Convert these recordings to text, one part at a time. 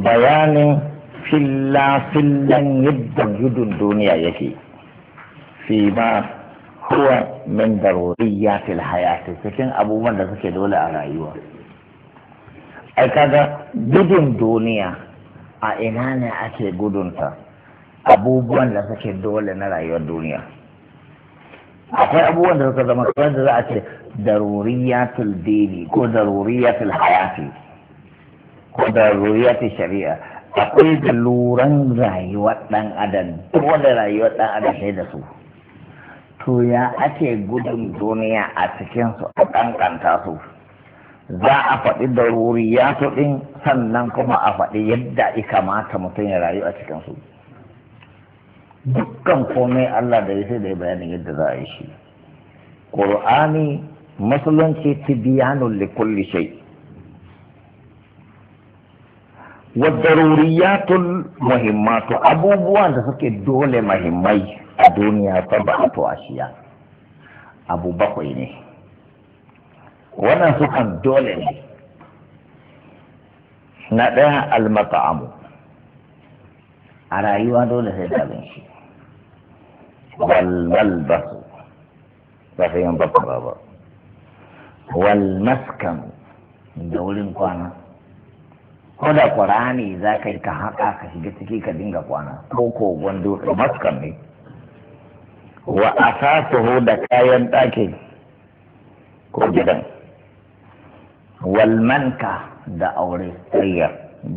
bayanin filla-fillan yadda gudun duniya yake fi ma huwa min daruriya fil hayati cikin abubuwan da suke dole a rayuwa ai kaga gudun duniya a ina ne ake gudunta abubuwan da suke dole na rayuwar duniya akwai abubuwan da suka zama kamar da za a ce daruriyatul dini ko daruriyatul hayati ko da ta shari'a akwai da rayuwar ɗan adam dole rayuwar ɗan adam sai da su to ya ake gudun duniya a cikin su a ƙanƙanta su za a faɗi da wuri ya ɗin sannan kuma a faɗi yadda ya kamata mutum ya rayu a cikin su dukkan komai Allah da ya sai da ya bayanin yadda za a yi shi ƙur'ani musulunci tibiyanun likulli kulli wadaruriyatul muhimmatu abubuwan da suke dole muhimmai a duniya to ashiya abu bakwai ne wannan sukan dole ne na ɗaya amu. a rayuwa dole sai da abinci basu. ba sai yin babba ba walmaskan da wurin kwana ko da ƙwarani za ka yi ka haƙa ka shiga ciki ka dinga kwana ko kogon da maskan ne wa a asasuhu da kayan ɗakin ko gidan walmanka da aure tsayya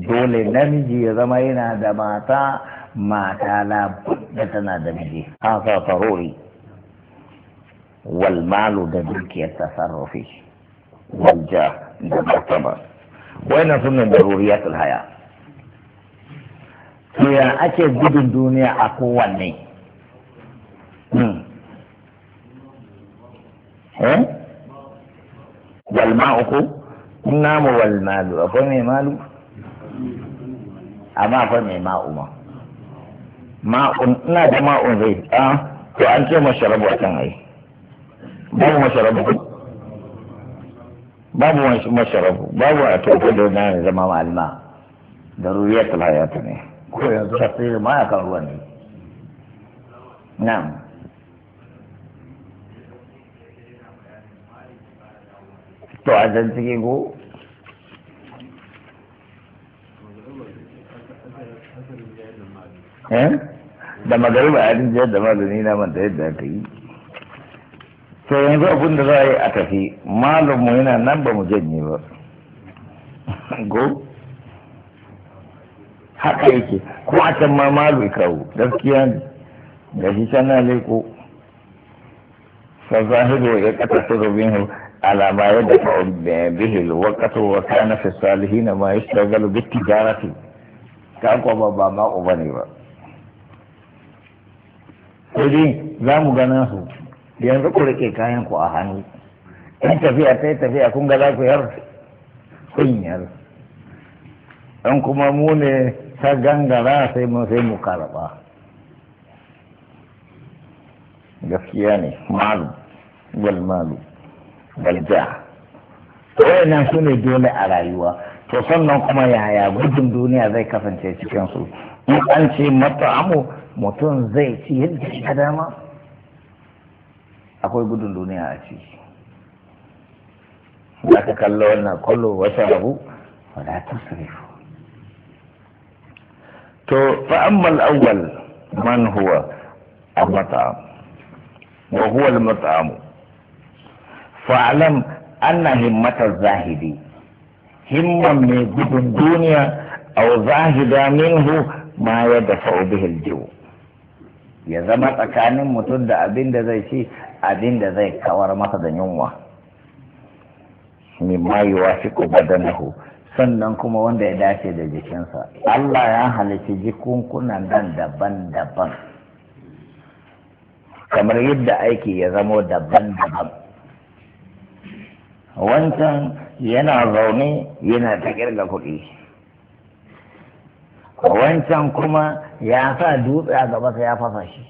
dole namiji ya zama yana da mata mata labudda tana da miji haka farori walmalu da dukiyar tasarrufi walja da martaba wayannan sun nan daruriyatul haya to ya ake gudun duniya a kowanne hmm. eh? walma uku namu walmalu akwai mai malu amma akwai mai ma'u ma ma'un ina da ma'un zai a ah, to an ce masharabu a can ai ba mu masharabu باب مشرب باب اتوكل نعم زمام علماء ضروريات الحياة تقرير ما يقلوني نعم تو عزن تكيكو دما إيه؟ دلو عادي جاد دما دنينا نعم، إيه من تهد ذاكي sai yanzu abin da za a yi a tafi malinmu yana nan ba mu janye ba go haka yake ko a can ma malu kawo gaskiya ne da shi can na leko fazahiru ya kasa su rubin hu alama ya dafa bihil kasa wa na fi salihi na ma ya shagalu bi tijarati ka kwaba ba ba ma'u ba ne ba. Sai dai za mu gana su yanzu ku rike kayan ku a hannu in tafiya ta yi tafiya kun ga za ku yar in kuma mu ne ta gangara sai mu sai mu karaba gaskiya ne malu wal malu wal ja wayannan su ne dole a rayuwa to sannan kuma yaya gudun duniya zai kasance cikin su in an ce amu mutum zai ci yadda ya dama akwai gudun duniya a ciki za ka kallo wannan kwallo wata abu wala tusrifu to fa amma al-awwal man huwa al-mat'am wa huwa al-mat'am fa'lam anna himmatar zahidi himman mai gudun duniya aw zahida minhu ma yadfa'u bihi al-jiwu ya zama tsakanin mutum da abin da zai ci abin da zai kawar masa da yunwa mimma da badanahu sannan kuma wanda ya dace da jikinsa Allah ya halici jikunkunan nan daban-daban kamar yadda aiki ya zamo daban-daban wancan yana zaune yana ta kirga kuɗi wancan kuma ya sa dutse a gabasa ya fasa shi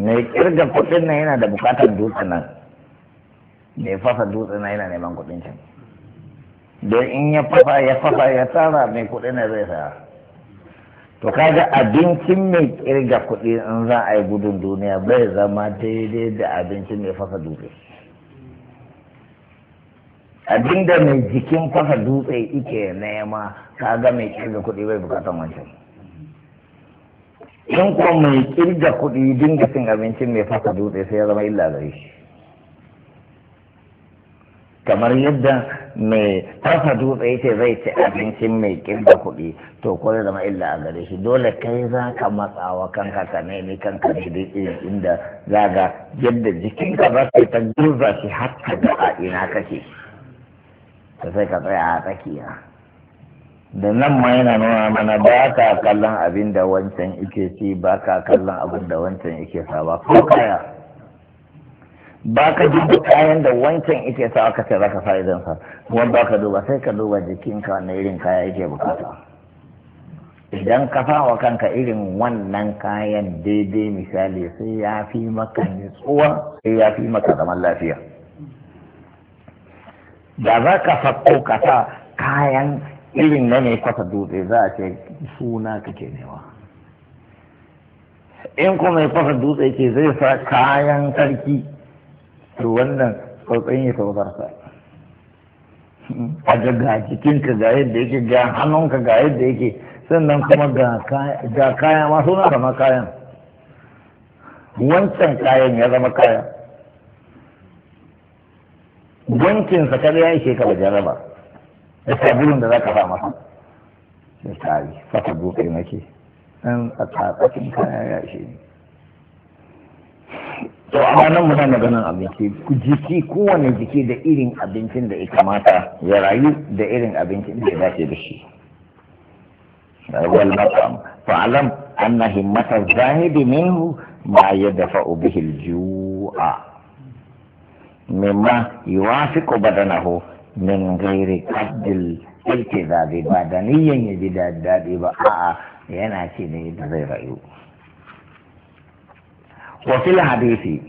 mai kirga kudin nan yana da bukatar dutse nan mai fasa dutse nan yana neman kudin can don in ya fasa ya fasa ya tsara mai kudin nan zai saya to kaga abincin mai kirga kudi in za a yi gudun duniya bai zama daidai da abincin mai fasa dutse abinda mai jikin fasa dutse ike nema kaga mai kirga kuɗi bai bukatar wancan in kuma mai kirga kuɗi dinga cin abincin mai fasa dutse sai ya zama illa gare shi kamar yadda mai fasa dutse yake zai ci abincin mai kirga kuɗi to ko zai zama illa a gare shi dole kai za ka matsawa kanka ka nemi kanka da inda za ga yadda jikinka za ka ta girza shi har ka a ina kake ta sai ka tsaya a tsakiya da nan ma yana nuna mana ba ka kallon abin da wancan ike ci ba ka kallon abin da wancan ike sa ba ko kaya ba ka duba kayan da wancan ike sa ka ce za ka fa'idan sa kuma ba ka duba sai ka duba jikinka wani irin kaya yake bukata idan ka sa wa kanka irin wannan kayan daidai misali sai ya fi maka nutsuwa sai ya fi maka zaman lafiya da za ka sako ka sa kayan irin na ne kwata dutse za a ce suna kake newa in kuma mai kwata dutse ke zai sa kayan sarki to wannan tsautsayin ya sa a ga jikinka ga yadda yake ga hannunka ga yadda yake sannan kuma ga kaya ma suna kama kayan wancan kayan ya zama kayan wankin sa kada ya ishe ka jaraba da sabulun da ka sa masa sai kai fata gobe nake dan a tsakakin kaya ya ishe ni to amma nan muna ganin abinci ku jiki kowane jiki da irin abincin da ya kamata ya rayu da irin abincin da ya dace da shi wal maqam fa'alam anna himmatal zahidi minhu ma yadfa'u bihi al-ju' مما يوافق بدنه من غير قد الالتذاب بدنيا يجد الدادي بقاء يناتي نيد زي رأيه وفي الحديث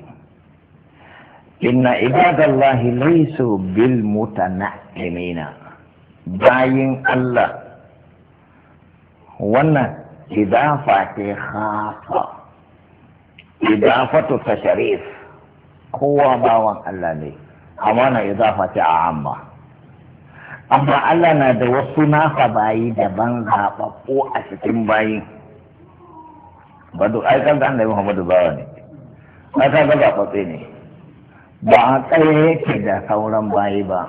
إن عباد الله ليسوا بالمتنعمين باين الله وانا إضافة خاصة إضافة تشريف kowa bawan Allah ne amana idafa ce a amma amma Allah na da wasu nasa bayi daban zaɓaɓɓo a cikin bayi ba duk ai kan ga annabi Muhammadu bawa ne ai kan ga zaɓaɓɓe ne ba a tsaye yake da sauran bayi ba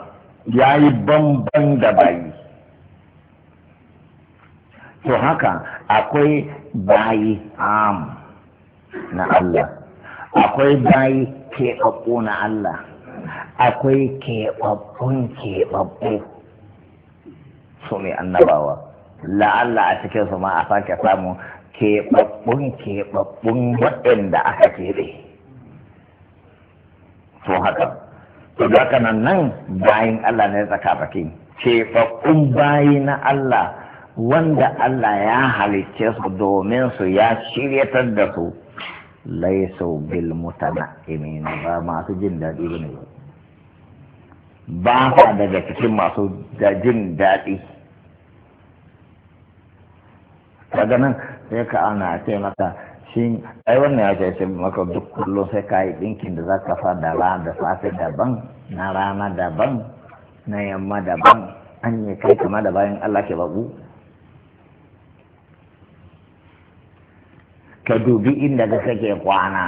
ya yi bamban da bayi to haka akwai bayi am na Allah akwai bayi keɓaɓɓu na Allah akwai keɓaɓɓun keɓaɓɓu su ne annabawa la'alla a cikin su ma a sake samu keɓaɓɓun keɓaɓɓun waɗanda aka keɓe to haka to haka nan nan bayin Allah ne baki, keɓaɓɓun bayi na Allah wanda Allah ya halicce su domin su ya shiryatar da su laisa bil mutana'imin ba masu jin daɗi ba ne ba sa daga cikin masu jin daɗi daga nan sai ka ana ce maka shi ai wannan ya ce maka duk kullum sai ka yi ɗinkin da za ka fa da rana da safe daban na rana daban na yamma daban an yi kai kama da bayan Allah ke babu ka dubi inda ka kake kwana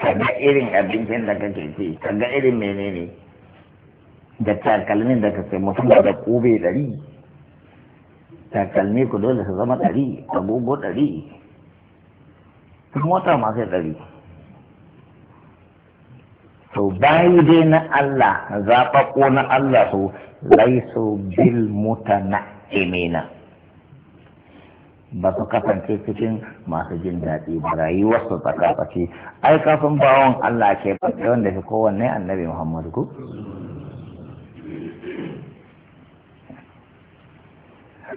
ka ga irin abincin da kake ci ka ga irin menene da takalmin da ka sai mutum da kube dari, takalmi ku dole su zama dari agogo dari mota masu dari, to bayi dai na Allah zaɓaɓɓo na Allah su laisu bil mutana'imina ba su kasance cikin masu jin daɗi ba su tsakatsaki ai kafin bawon Allah ke faɗi wanda fi kowanne annabi Muhammadu ku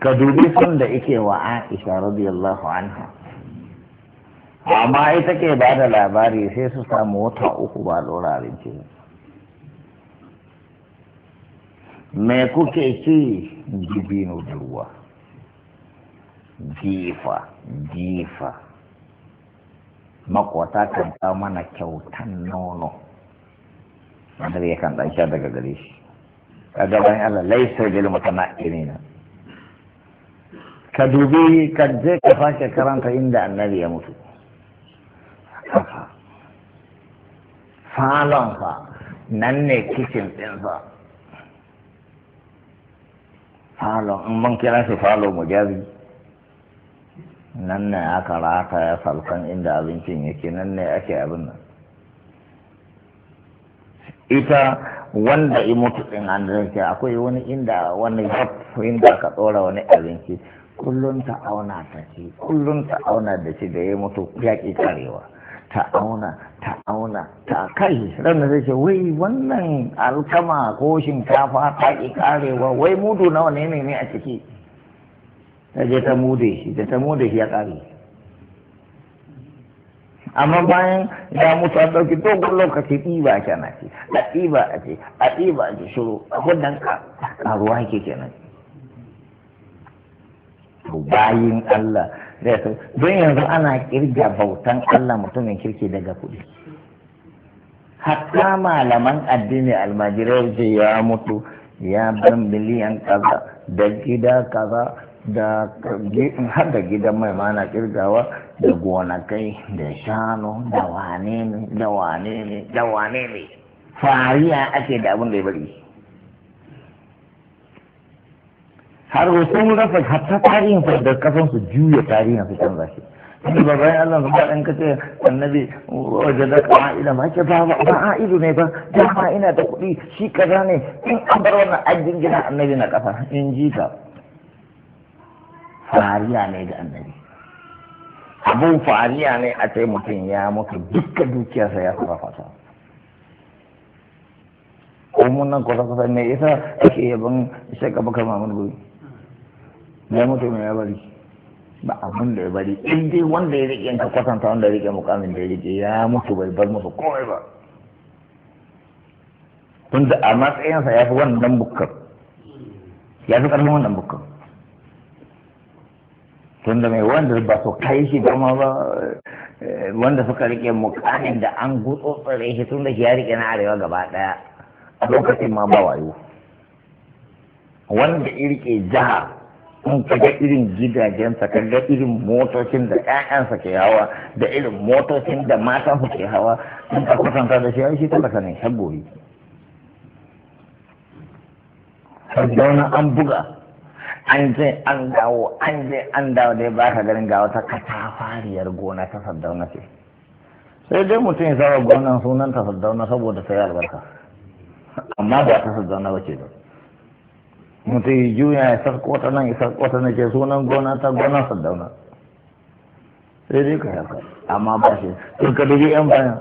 ka dubi sun da ike wa Aisha radiyallahu anha amma ita ke ba da labari sai su samu wata uku ba ɗora abinci me kuke ci dubino da ruwa jifa jifa makwata kan ta mana kyautan nono wanda ya kan dan sha daga gare shi kaga bayan Allah laisa bil mutanaqirina ka dubi ka je ka fashe karanta inda annabi ya mutu falonsa nan ne kicin ɗinsa falon in mun kira shi falo mujazi nan ne aka rata ya falkan inda abincin yake nan ne ake abin nan ita wanda i mutu ɗin an rike akwai wani inda wani gaf inda aka ɗora wani abinci kullum ta auna ta ci kullum ta auna da shi da ya mutu yaƙi karewa ta auna ta auna ta kai ranar zai ce wai wannan alkama ko shinkafa ta ƙi karewa wai mudu nawa ne ne a ciki ta je ta mude shi da ta mude shi ya kare amma bayan ya mutu an dauki dogon lokaci ɗiba a kenan ce a ɗiba a ce a ɗiba a ce shiru a gudan karuwa ke kenan bayin Allah don yanzu ana kirga bautan Allah mutumin kirki daga kuɗi hatta malaman addini almajirai ce ya mutu ya bar miliyan kaza da gida kaza da har gidan mai mana kirgawa da gonakai da shanu da wane ne da wane ne da wane ne fariya ake da abin da ya bari har sun rasa hatta tarihin fa da juya tarihin su canza shi inda ba bayan Allah ba dan kace annabi waje da ka'ida ma ke ba ba ido ne ba dama ina da kuɗi shi kaza ne in an bar wannan ajin gina annabi na kafa in ji ka fariya ne ga annabi abin fariya ne a ce mutum ya mutu duka dukiyarsa ya sarrafa ta umun nan kusa kusa ne isa ake yaban isa gaba kama mun gobe ya mutu ya bari ba abin da ya bari in dai wanda ya rike ka kwatanta wanda ya rike mukamin da ya rike ya mutu bai bar musu komai ba tunda a matsayinsa ya fi wannan bukkar ya fi karfin wannan bukkar tunda mai wanda ba su kai shi kuma ba eh, wanda suka rike mukamin da an gutso tsare shi tunda shi ya rike na arewa gaba daya a lokacin ma ba wayo wanda ya rike jiha in ka ga irin gidajensa ka ga irin motocin da ƴaƴansa ke hawa da irin motocin da su ke hawa in ka kusanta da shi shi talaka ne shagori. Sardauna an buga an je an dawo an je an dawo dai ba ka ganin ga wata katafariyar gona ta saddauna ce sai dai mutum ya saba gonan sunan ta saddauna saboda sai albarka amma ba ta saddauna ba ce ba mutum ya juya ya sarko ta nan ya sarko ta nan ke sunan gona ta gonan saddauna sai dai ka haka amma ba shi to ka dubi yan bayan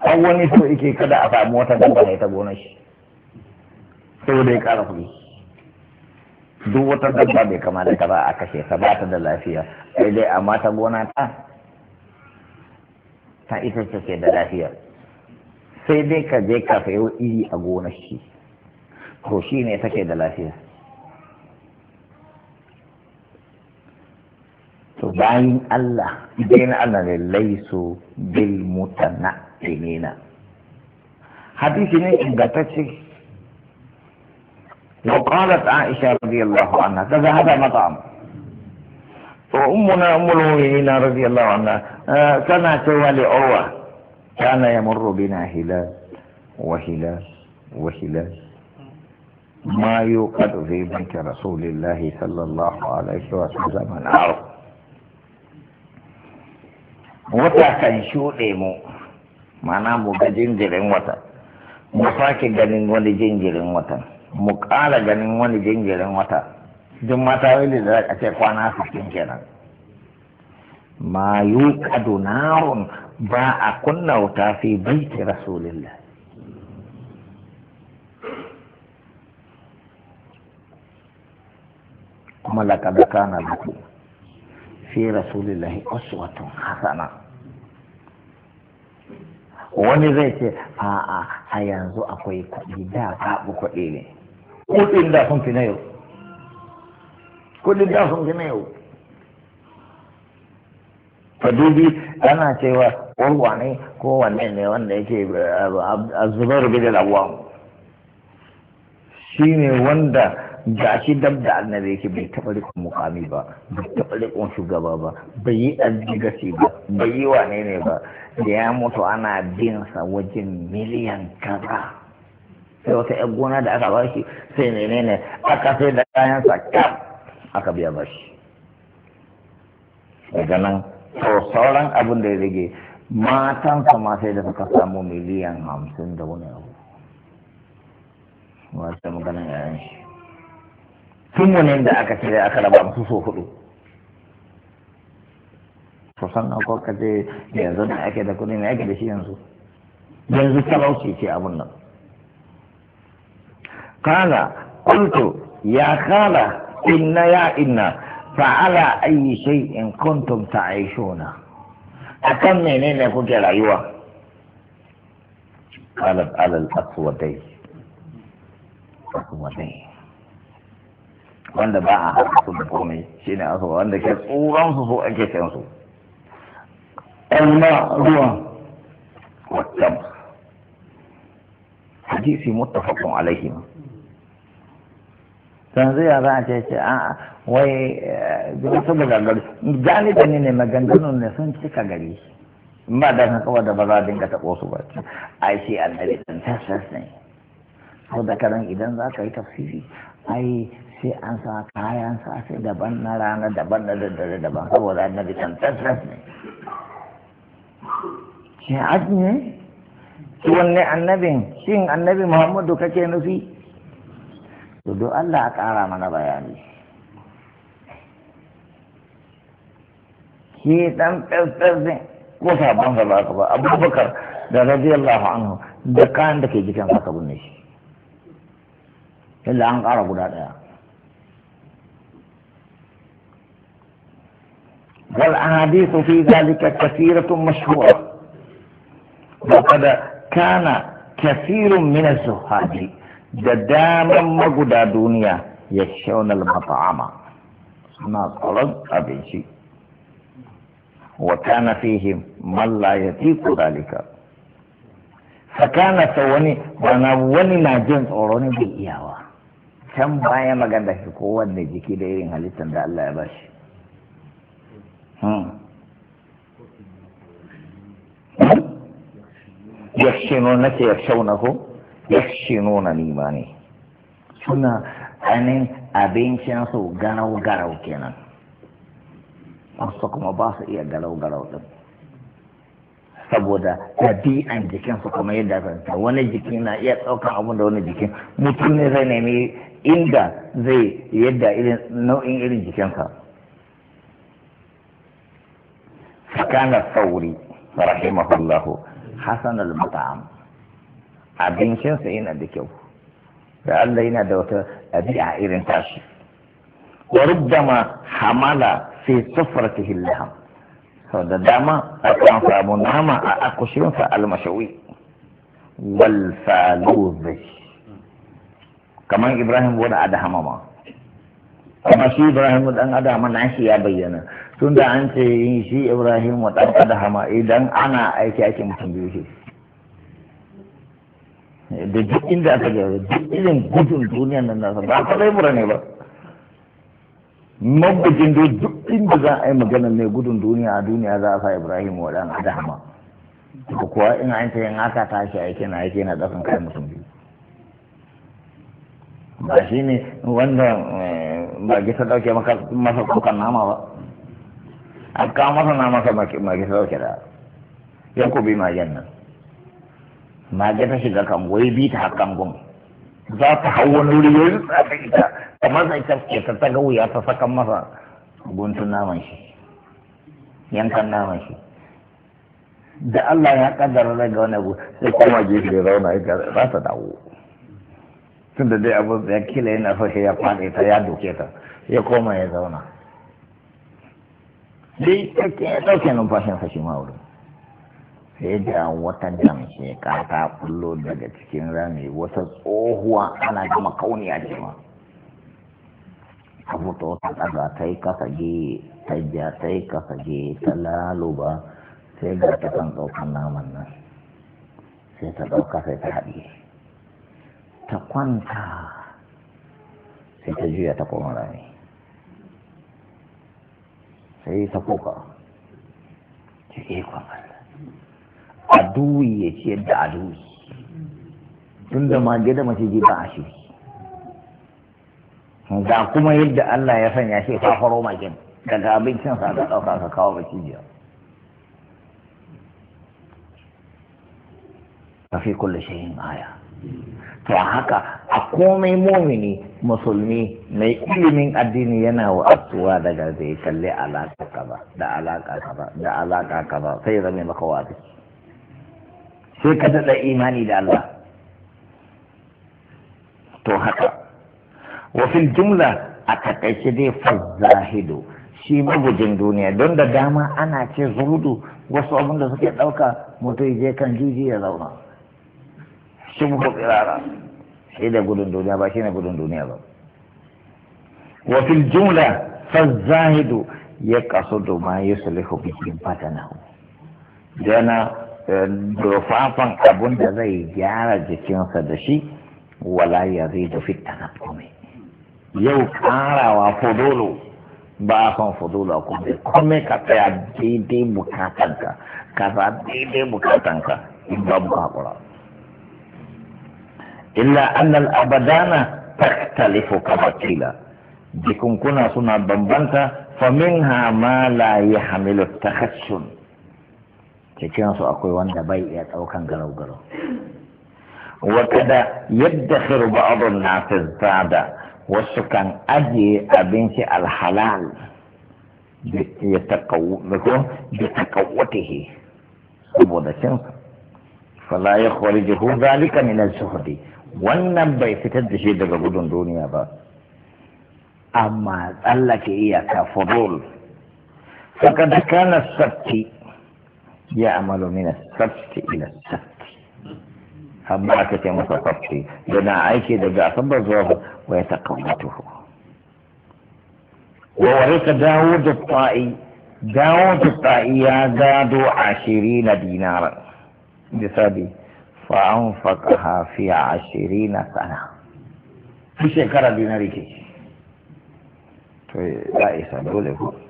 an wani so yake kada a samu wata ne ta gonar shi saboda ya kara kuɗi duk wata dabba bai kama da ba a kashe ta ba ta da lafiya sai dai amma ta gona ta ta ita ce ke da lafiya sai dai ka je ka sayo iri a gona shi to shi ne ta ke da lafiya to bayan Allah idan Allah ne laisu bil mutana'imina hadisi ne ingantacce لو قالت عائشة رضي الله عنها تذهب مطعم وأمنا أم المؤمنين رضي الله عنها آه، كما سوى لعروة كان يمر بنا هلال وهلال وهلال ما يوقد في بنك رسول الله صلى الله عليه وسلم العرض وتا كان شو ديمو معناه مو ga وتا مو mu جنجر وتا mu ƙara ganin wani jingirin wata duk mata wani da za ce kwana sittin kenan ma yuqadu narun ba a kunna wuta fi baiti rasulillah kuma laqad kana duku. fi rasulillah uswatun hasana wani zai ce a'a a yanzu akwai kuɗi da babu kuɗi ne kuɗin da sun fi na yau kudin da sun fi na yau fadubi ana cewa warwa ne ko wanne ne wanda yake a zubar gidan abuwa shi ne wanda ga shi dab da annabi yake bai taɓa rikon mukami ba bai taɓa rikon shugaba ba bai yi aljigasi ba bai yi wane ne ba da ya mutu ana bin sa wajen miliyan kaza sai wata yan gona da aka ba shi sai menene aka sai da kayan sa kam aka biya ba shi daga nan to sauran abin da ya rage matan ma sai da suka samu miliyan hamsin da wani abu wata maganin yayan shi wani da aka cire aka raba musu so hudu to san ko kaje yanzu da ake da kudi ne ake da shi yanzu yanzu talauci ce abun nan قال قلت يا خالة إن يا إن فعلى أي شيء كنتم تعيشون أكم منين كنت العيوة قالت على الأسودين أسودين wanda ba a haɗa su da komai shi ne asuwa wanda ke tsoron su so ake sayan su ɗanma ruwan waccan hadisi muttafaqun alaihi ma yanzu ya za a ce a wai eh, wasu maganganu galiban ne ne maganganun ne sun cika gari ba da haka da ba za a dinga taɓo su ba ai shi annabi ɗan tasas ne sau da karan idan za ka yi tafsiri ai sai an sa kayan sa sai daban na rana daban na daddare daban saboda annabi ɗan tasas ne shi ne shi wanne annabin shin annabi muhammadu kake nufi دو الله تعالى من بياني هي تم تفترض كوفا بن أبو بكر رضي الله عنه دكان دكي جكان فكبنيش إلا أنك أرى بلاد يا والأحاديث في ذلك كثيرة مشهورة وقد كان كثير من الزهاد da daman maguda duniya ya shaunar mata'ama suna tsaron abinci wata na fihim mallaya ya tiku dalika sakana sa wani bana wani na jin tsoro ne bai iyawa can baya magana shi kowanne jiki da irin halittar da Allah ya bashi yakshinu nake ko? nuna nima ne suna ainihin abincinsu garau-garau kenan wasu kuma ba su iya garau-garau din saboda ɗabi'an jikinsu kuma yadda zanta wani jiki na iya ɗaukar abin da wani jikin mutum ne zai nemi inda zai yadda nau'in irin jikinsa فكان الثوري رحمه الله al المطعم abincinsa yana da kyau da Allah yana da wata ɗabi'a irin tashi wa rubbama hamala fi sufratihi laham sau da dama a kan samu nama a akushinsa almashawi wal faluzi kamar ibrahim wani adahama ma amma shi ibrahim dan adama na shi ya bayyana Tunda an ce shi ibrahim dan adama idan ana aiki ake mutum biyu shi da duk inda aka gaba duk irin gudun duniyan nan nasa ba ka zai ne ba mabujin da duk inda za a yi magana mai gudun duniya a duniya za a sa ibrahim wa dan adama ko kuwa in an ce in ta shi aiki na aiki na ɗafin kai mutum biyu ba shi ne wanda eh, ba gisa ɗauke masa kukan nama ba a kawo masa nama sa ma gisa dauke da yankubi ma nan. mage ta shiga kango ya bi ta har kangon za ta hau wani wuri ya rutsa ta ita kamar sai ta ce ta ga wuya ta sakan masa guntun naman shi yankan naman shi da Allah ya kaddara ga wani abu sai koma gefe da zauna ya ba ta dawo tun da dai abu ya kila yana so ya kwaɗe ta ya doke ta ya koma ya zauna dai ya ɗauke numfashin fashi ma wurin sai da wata damshe ta kullo daga cikin rami wata tsohuwa ana gama kauni a jima ta fito ta ɗaga ta yi ge ta ja ta yi ge ta laluba sai ga ta kan ɗaukan naman nan sai ta ɗauka sai ta haɗe ta kwanta sai ta juya ta koma rami sai ta kuka ta ikon Allah aduwi ya ciyar da aduwi tun da mage da ji ba a shiri ga kuma yadda Allah ya sanya shi fafaro makin, daga abincinsa da ɗauka ka kawo macijiya ka fi kulle yin aya to haka a komai momini musulmi mai ilimin addini yana wa'atsuwa daga zai kalli alaƙa kaza da alaƙa kaza da alaƙa kaza sai zame maka wa'azi sai ka daɗa imani da Allah to haka wafin jumla a takaice dai fazahidu shi magujin duniya don da dama ana ce zurudu wasu abin da suke ɗauka mutu je kan juji ya zauna shi muku tsirara shi da gudun duniya ba shi ne gudun duniya ba wafin jumla fazahidu ya kasu ma yusulihu bikin fatanahu jana. dofafan abun da zai gyara jikinsa da shi wala ya zai da fitana kome yau karawa fodolo ba a kan fodolo a komai. kome ka tsaya daidai bukatanka ka sa daidai bukatanka in babu kakura illa annal abadana taktalifu kabatila jikunkuna suna bambanta faminha ma la ya hamilu takashun cikinsu akwai wanda bai iya ɗaukan garau-garau wakada yadda na nasu zada wasu kan ajiye abinci alhalal ya he saboda cin fala ya kwari jihu zalika min al-suhdi wannan bai fitar da shi daga gudun duniya ba amma tsallake iyaka furul fakada kana sabti يعمل من السبت إلى السبت فبعث متطفي بنا عيشي دجا صبر ويتقوته وورث داود الطائي داود الطائي يزداد عشرين دينارا بسبي فأنفقها في عشرين سنة في شكرا ديناريكي طيب، لا يسألوا لكم